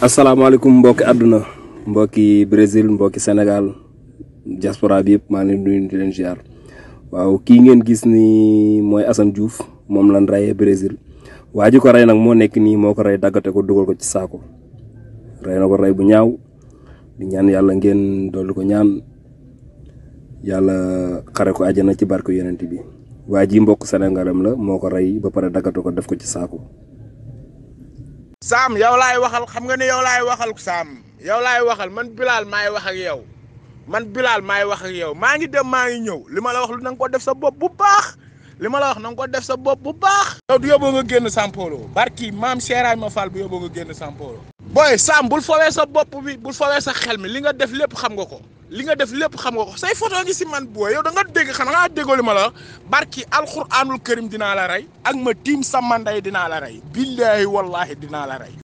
Assalamualaikum mbokki aduna mbokki Brésil mbokki Senegal, diaspora bi yëpp maa ngi leen nuyu di leen ziar waaw kii ngeen gis ni mooy Assane Diouf moom lan rayee Brésil waa ji ko rey nag moo nekk nii moo ko rey daggate ko dugal ko ci saako rey na ko rey bu ñaaw di ñaan yàlla ngeen dolli ko ñaan yàlla xare ko ci barke bi waa ji mbokk Sénégalam la moo ko rey ba pare daggate ko def ko ci saako. Saam yow laay waxal xam nga ne yow laay waxal Saam yow laay waxal man Bilal maay wax ak yow man Bilal maay wax ak yow maa ngi dem maa ngi ñëw li ma la wax lu na ko def sa bopp bu baax li ma la wax na ko def sa bopp bu baax. yow du yóbboo nga génn Sampolo barki maam Cheikh ma Fall bu yóbboo nga génn Sampolo. booy Sam bul fowee sa bopp bi bul fowee sa xel mi li nga def lépp xam nga ko li nga def lépp xam nga ko say photo ngi si man booy yow da nga dégg xam nga déggoo li ma la barki alxuraanul karim dinaa la rey ak ma tiim sa manday dinaa la rey billaahi wallaahi dinaa la rey